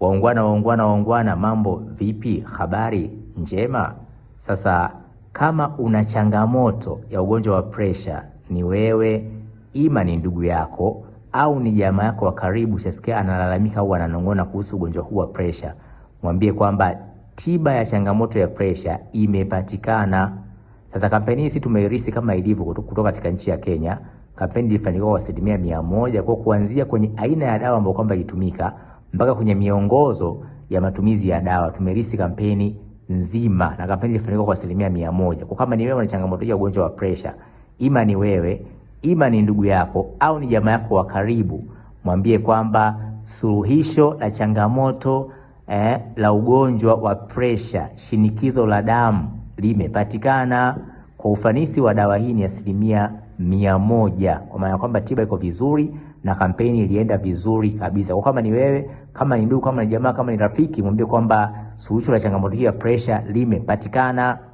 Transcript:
Waungwana, waungwana, waungwana, mambo vipi? Habari njema. Sasa kama una changamoto ya ugonjwa wa presha, ni wewe ima ni ndugu yako au ni jamaa yako wa karibu, sasikia analalamika au ananong'ona kuhusu ugonjwa huu wa presha, mwambie kwamba tiba ya changamoto ya presha imepatikana. Sasa kampeni hii si tumeirisi kama ilivyo kutoka katika nchi ya Kenya. Kampeni ilifanikiwa kwa asilimia mia moja kwa kuanzia kwenye aina ya dawa ambayo kwamba ilitumika mpaka kwenye miongozo ya matumizi ya dawa. Tumerisi kampeni nzima na kampeni ilifanyika kwa asilimia mia moja. Kwa kama ni wewe una changamoto ya ugonjwa wa presha, ima ni wewe, ima ni ndugu yako au ni jamaa yako wa karibu, mwambie kwamba suluhisho la changamoto eh, la ugonjwa wa presha, shinikizo la damu limepatikana. Kwa ufanisi wa dawa hii ni asilimia mia moja kwa maana kwamba tiba iko vizuri na kampeni ilienda vizuri kabisa. Kwa kama ni wewe, kama ni ndugu, kama ni jamaa, kama ni rafiki, mwambie kwamba suluhisho la changamoto hii ya pressure limepatikana.